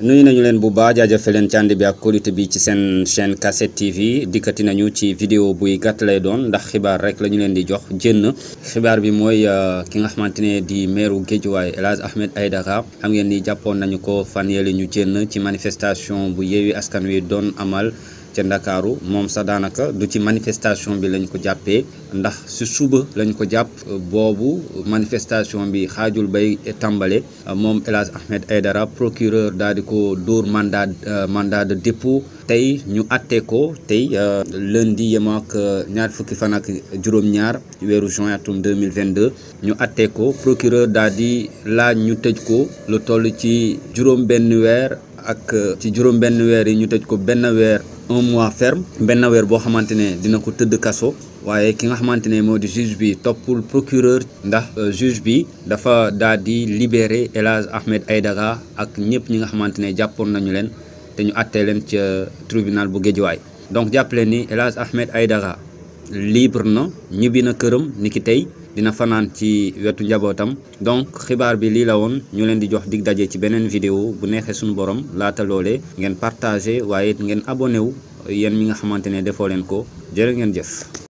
nuyu nañu leen bu baax jaajëfe leen ci bi ak qualité bi ci seen chaîne cassette TV dikkati nañu ci vidéo buy gàtt lay doon ndax xibaar rek lañu leen di jox jënn xibaar bi mooy euh, ki nga xamante ne di meeru Guédiawaye El Hadj Ahmed Aidara xam ngeen di jàppoon nañu ko fan yële ñu jënn ci manifestation bu yeewi askan wi doon amal. ci ndakaaru mom sa danaka du ci manifestation bi lañ ko jappé ndax ci suba lañ ko japp bobu manifestation bi xaajul bay tambalé mom El Ahmed Aidara procureur dadiko door mandat euh, mandat de dépôt Tei ñu atté ko tay euh, lundi yem ak euh, ñaar fukki fan ak juróom-ñaar wéru juin 2022 ñu atté ko procureur d'adi la ñu tëj ko lu toll ci juroom benn ak euh, ci juróom benn weer yi ñu tëj ko benn weer un mois ferme benn weer boo xamante ne dina ko tëdd kaso waaye ki nga xamante ne moo di juge bi toppul procureur ndax euh, juge bi dafa daal di libéré El Hadj Ahmed Aidara ak ñëpp ñi nga xamante ne jàppoon nañu leen te ñu àttee leen ca euh, tribunal bu Géejawaay donc jàppale ni El Hadj Ahmed Aidara libre na ñibbi na këram ni ki tey dina fanaan ci wetu njabootam donc xibaar bi lii la woon ñu leen di jox dig daje ci beneen vidéo bu neexee suñu borom laata loole ngeen partagé waaye ngeen abonné wu yéen mi nga xamante ne defoo leen ko jërë ngeen jëf